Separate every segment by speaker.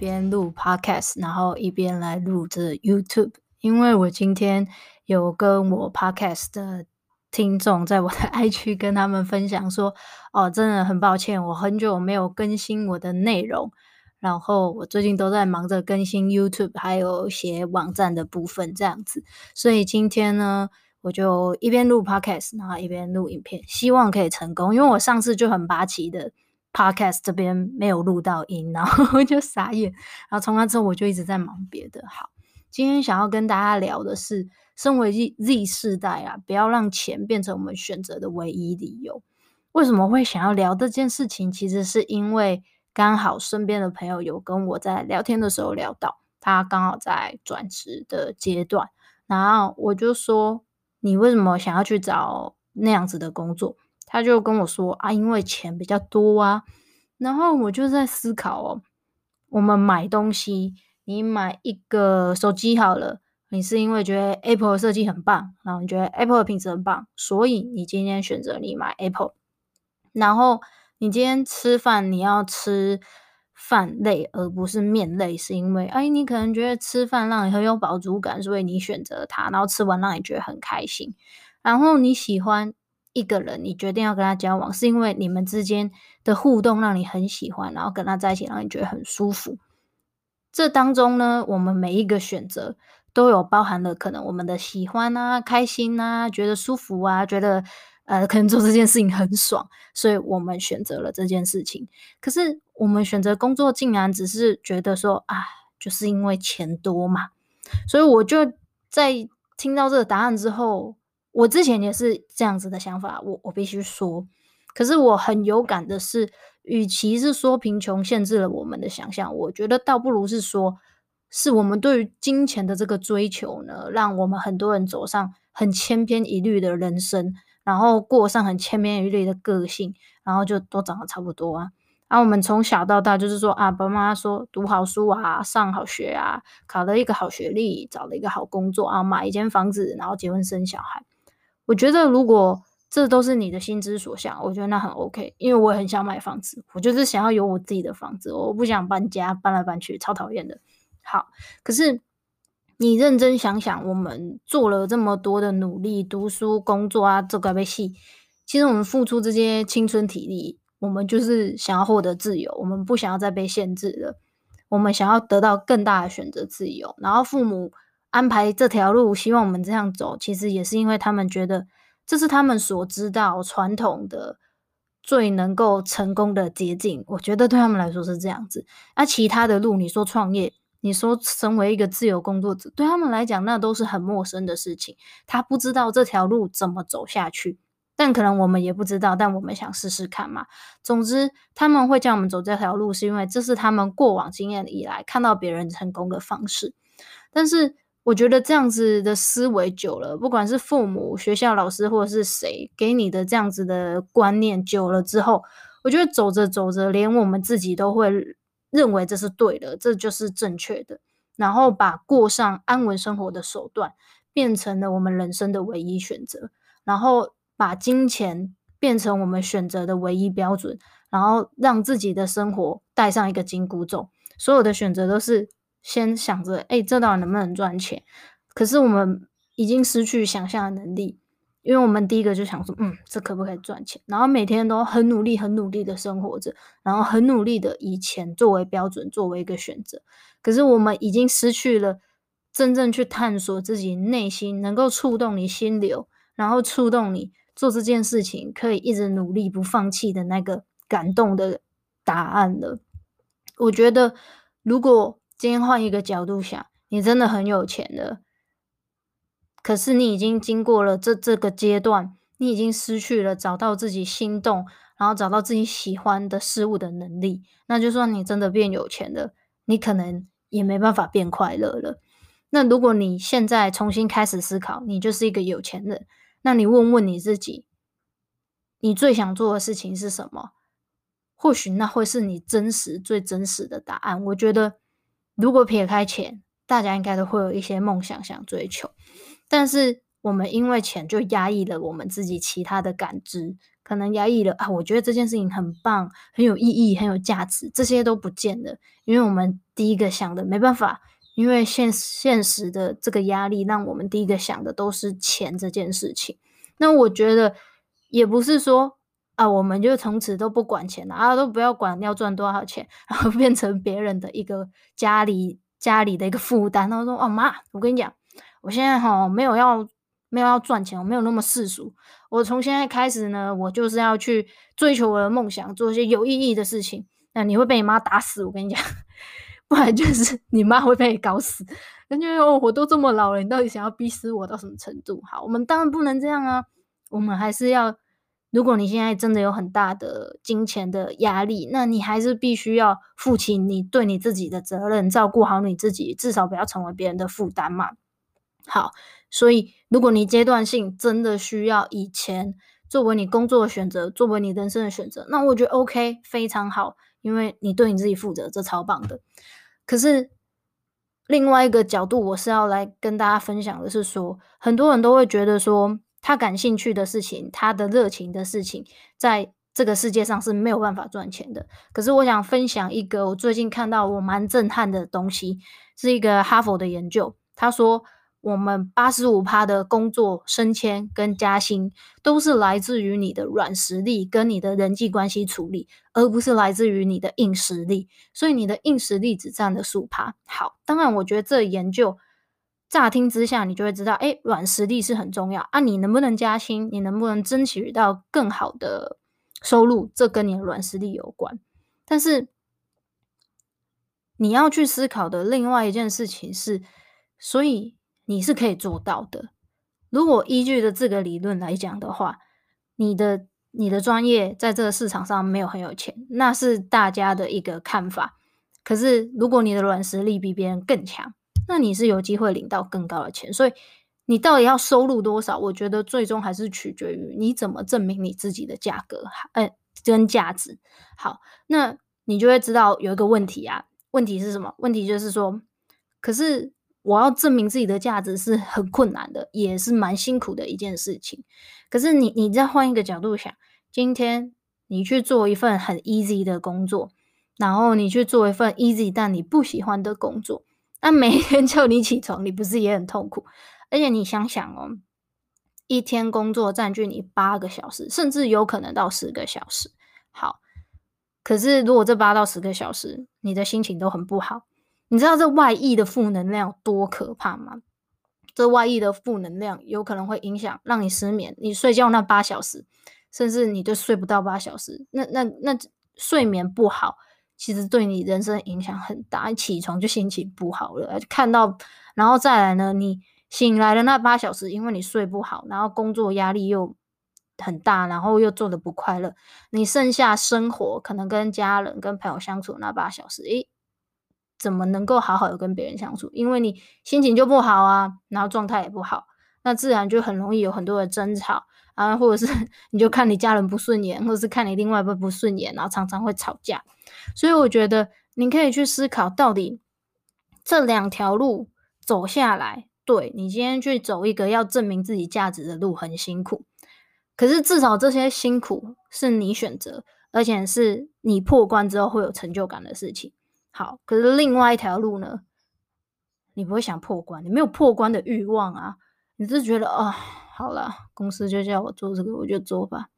Speaker 1: 一邊錄 podcast，然後一邊來錄製 YouTube，因為我今天有跟我 podcast 的聽眾在我的 IG 跟他們分享說，哦，真的很抱歉，我很久沒有更新我的內容，然後我最近都在忙着更新 YouTube，還有寫網站的部分這樣子，所以今天呢，我就一邊錄 podcast，然後一邊錄影片，希望可以成功，因為我上次就很八七的。Podcast 這邊沒有錄到音，然後我就傻眼。然後從那之後，我就一直在忙別的。好，今天想要跟大家聊的是，身為 Z Z 世代啊，不要讓錢變成我們選擇的唯一理由。為什麼會想要聊這件事情？其實是因為剛好身邊的朋友有跟我在聊天的時候聊到，他剛好在轉職的階段，然後我就說，你為什麼想要去找那樣子的工作？他就跟我說啊，因為錢比較多啊，然後我就在思考哦，我們買東西，你買一個手機好了，你是因為覺得 Apple 的設計很棒，然後你覺得 Apple 的品質很棒，所以你今天選擇你買 Apple。然後你今天吃飯，你要吃飯類而不是麵類，是因為哎，你可能覺得吃飯讓你很有飽足感，所以你選擇它，然後吃完讓你覺得很開心，然後你喜歡。一個人，你決定要跟他交往，是因為你們之間的互動讓你很喜歡，然後跟他在一起讓你覺得很舒服。這當中呢，我們每一個選擇都有包含了可能我們的喜歡啊、開心啊、覺得舒服啊、覺得呃，可能做這件事情很爽，所以我們選擇了這件事情。可是我們選擇工作，竟然只是覺得說啊，就是因為錢多嘛。所以我就在聽到這個答案之後，我之前也是這樣子的想法，我我必須說，可是我很有感的是，與其是說，貧窮限制了我們的想象，我覺得倒不如是說，是我們對於金錢的這個追求呢，讓我們很多人走上很千篇一律的人生，然後過上很千篇一律的個性，然後就都長得差不多啊。啊，然後我們從小到大就是說啊，爸媽說讀好書啊，上好學啊，考了一個好學歷，找了一個好工作啊，買一間房子，然後結婚生小孩。我覺得如果這都是你的心之所向，我覺得那很 OK，因為我也很想買房子，我就是想要有我自己的房子，我不想搬家，搬來搬去，超討厭的。好，可是你認真想想，我們做了這麼多的努力，讀書、工作啊，這個沒戲。其實我們付出這些青春體力，我們就是想要獲得自由，我們不想要再被限制了，我們想要得到更大的選擇自由。然後父母。安排這條路，希望我們這樣走，其實也是因為他們覺得這是他們所知道傳統的最能夠成功的捷徑。我覺得對他們來說是這樣子。那、啊、其他的路，你說創業，你說成為一個自由工作者，對他們來講，那都是很陌生的事情。他不知道這條路怎麼走下去，但可能我們也不知道，但我們想試試看嘛。總之，他們會叫我們走這條路，是因為這是他們過往經驗以來看到別人成功的方式，但是。我覺得這樣子的思維久了，不管是父母、學校、老師，或者是誰給你的這樣子的觀念久了之後，我覺得走着走着，連我們自己都會認為這是對的，這就是正確的。然後把過上安穩生活的手段變成了我們人生的唯一選擇，然後把金錢變成我們選擇的唯一標準，然後讓自己的生活帶上一個緊箍咒，所有的選擇都是。先想着，哎、欸，這到底能不能賺錢？可是我們已經失去想象的能力，因為我們第一個就想說，嗯，這可不可以賺錢？然後每天都很努力、很努力的生活着，然後很努力的以錢作為標準，作為一個選擇。可是我們已經失去了真正去探索自己內心，能夠觸動你心流，然後觸動你做這件事情可以一直努力不放棄的那個感動的答案了。我覺得，如果。今天換一個角度想，你真的很有錢了。可是你已經經過了這這個階段，你已經失去了找到自己心動，然後找到自己喜歡的事物的能力。那就算你真的變有錢了，你可能也沒辦法變快樂了。那如果你現在重新開始思考，你就是一個有錢人。那你問問你自己，你最想做的事情是什麼？或許那會是你真實最真實的答案。我覺得。如果撇開錢，大家應該都會有一些夢想想追求，但是我們因為錢，就壓抑了我們自己其他的感知，可能壓抑了啊，我覺得這件事情很棒，很有意義，很有價值，這些都不見得，因為我們第一個想的沒辦法，因為現現實的這個壓力讓我們第一個想的都是錢這件事情。那我覺得也不是說。啊，我們就從此都不管錢了啊，都不要管要賺多少錢，然後變成別人的一個家裡家裡的一個負擔。然後說：“哦，媽，我跟你講，我現在哈、哦、沒有要沒有要賺錢，我沒有那麼世俗。我從現在開始呢，我就是要去追求我的夢想，做一些有意義的事情。”那你會被你媽打死，我跟你講，不然就是你媽會被你搞死。感覺哦，我都這麼老了，你到底想要逼死我到什麼程度？好，我們當然不能這樣啊，我們還是要。如果你現在真的有很大的金錢的壓力，那你還是必須要負起你對你自己的責任，照顧好你自己，至少不要成為別人的負擔嘛。好，所以如果你階段性真的需要以錢作為你工作的選擇，作為你人生的選擇，那我覺得 OK，非常好，因為你對你自己負責，這超棒的。可是另外一個角度，我是要來跟大家分享的是說，很多人都會覺得說。他感興趣的事情，他的熱情的事情，在這個世界上是沒有辦法賺錢的。可是，我想分享一個我最近看到我蠻震撼的東西，是一個哈佛的研究。他說，我們八十五趴的工作升遷跟加薪，都是來自於你的軟實力跟你的人際關係處理，而不是來自於你的硬實力。所以，你的硬實力只占了數趴。好，當然，我覺得這研究。乍聽之下，你就會知道，哎，軟實力是很重要啊。你能不能加薪，你能不能爭取到更好的收入，這跟你的軟實力有關。但是，你要去思考的另外一件事情是，所以你是可以做到的。如果依據著這個理論來講的話，你的你的專業在這個市場上沒有很有錢，那是大家的一個看法。可是，如果你的軟實力比別人更強，那你是有機會領到更高的錢，所以你到底要收入多少？我覺得最終還是取決於你怎麼證明你自己的價格，呃、欸，跟價值。好，那你就會知道有一個問題啊。問題是什麼？問題就是說，可是我要證明自己的價值是很困難的，也是蠻辛苦的一件事情。可是你，你再換一個角度想，今天你去做一份很 easy 的工作，然後你去做一份 easy 但你不喜歡的工作，那每天叫你起床，你不是也很痛苦？而且你想想哦，一天工作占據你八個小時，甚至有可能到十個小時。好，可是如果這八到十個小時，你的心情都很不好，你知道這外溢的負能量多可怕嗎？這外溢的負能量有可能會影響，讓你失眠。你睡覺那八小時，甚至你就睡不到八小時，那那那，那睡眠不好。其實對你人生影響很大，一起床就心情不好了，看到，然後再來呢，你醒來的那八小時，因為你睡不好，然後工作壓力又很大，然後又做得不快樂，你剩下生活可能跟家人、跟朋友相處那八小時，哎，怎麼能夠好好的跟別人相處？因為你心情就不好啊，然後狀態也不好，那自然就很容易有很多的爭吵。啊，或者是你就看你家人不順眼，或者是看你另外一半不順眼，然後常常會吵架。所以我覺得你可以去思考，到底這兩條路走下來，對你今天去走一個要證明自己價值的路很辛苦，可是至少這些辛苦是你選擇，而且是你破關之後會有成就感的事情。好，可是另外一條路呢，你不會想破關，你沒有破關的慾望啊，你是覺得啊。哦好了，公司就叫我做這個，我就做吧。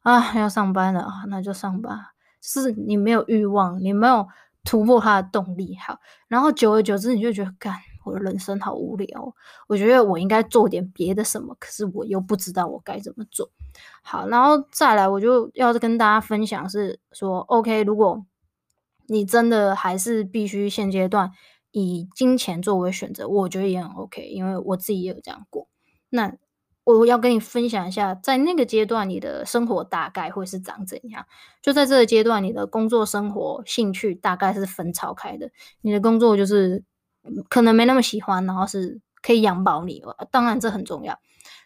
Speaker 1: 啊，要上班了，那就上班。就是你沒有欲望，你沒有突破它的動力。好，然後久而久之，你就覺得幹，我的人生好無聊哦。我覺得我應該做點別的什麼，可是我又不知道我該怎麼做。好，然後再來，我就要跟大家分享是說，OK，如果你真的還是必須現階段以金錢作為選擇，我覺得也很 OK，因為我自己也有這樣過。那。我要跟你分享一下，在那個階段，你的生活大概會是長怎樣。就在這個階段，你的工作、生活、興趣大概是分潮開的。你的工作就是、嗯、可能沒那麼喜歡，然後是可以養飽你，當然這很重要。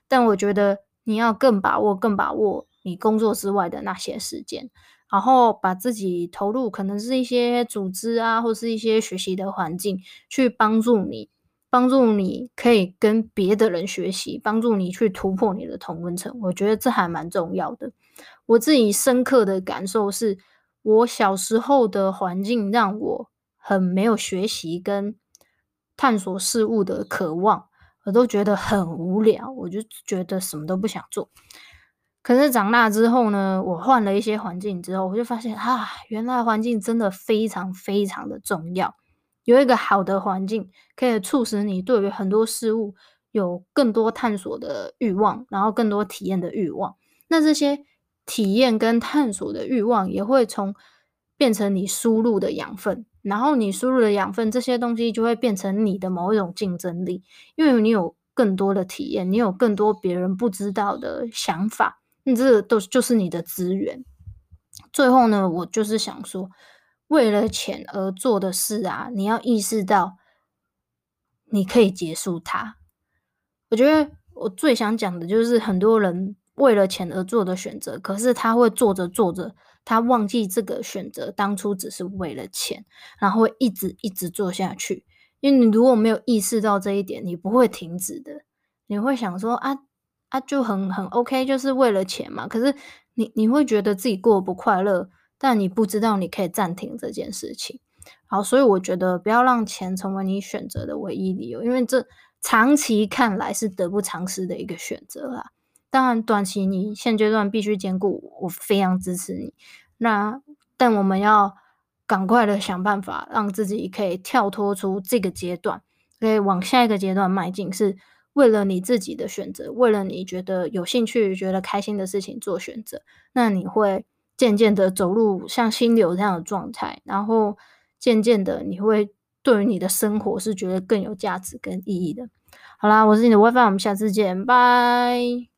Speaker 1: 但我覺得你要更把握、更把握你工作之外的那些時間，然後把自己投入可能是一些組織啊，或是一些學習的環境，去幫助你。幫助你可以跟別的人學習，幫助你去突破你的同溫層，我覺得這還蠻重要的。我自己深刻的感受是，我小時候的環境讓我很沒有學習跟探索事物的渴望，我都覺得很無聊，我就覺得什麼都不想做。可是長大之後呢，我換了一些環境之後，我就發現，啊，原來環境真的非常非常的重要。有一個好的環境，可以促使你對於很多事物有更多探索的慾望，然後更多體驗的慾望。那這些體驗跟探索的慾望也會從變成你輸入的養分，然後你輸入的養分這些東西就會變成你的某一種競爭力，因為你有更多的體驗，你有更多別人不知道的想法，你這都就是你的資源。最後呢，我就是想說。為了錢而做的事啊，你要意識到，你可以結束它。我覺得我最想講的就是很多人為了錢而做的選擇，可是他會做着做着，他忘記這個選擇當初只是為了錢，然後會一直一直做下去。因為你如果沒有意識到這一點，你不會停止的，你會想說啊啊，啊就很很 OK，就是為了錢嘛。可是你你會覺得自己過不快樂。但你不知道，你可以暫停這件事情。好，所以我覺得不要讓錢成為你選擇的唯一理由，因為這長期看來是得不償失的一個選擇啦。當然，短期你現階段必須兼顧，我非常支持你。那但我們要趕快的想辦法，讓自己可以跳脫出這個階段，可以往下一個階段邁進，是為了你自己的選擇，為了你覺得有興趣、覺得開心的事情做選擇。那你會。漸漸的走入像心流這樣的狀態，然後漸漸的你會對於你的生活是覺得更有價值跟意義的。好啦，我是你的 WiFi，我們下次見，拜。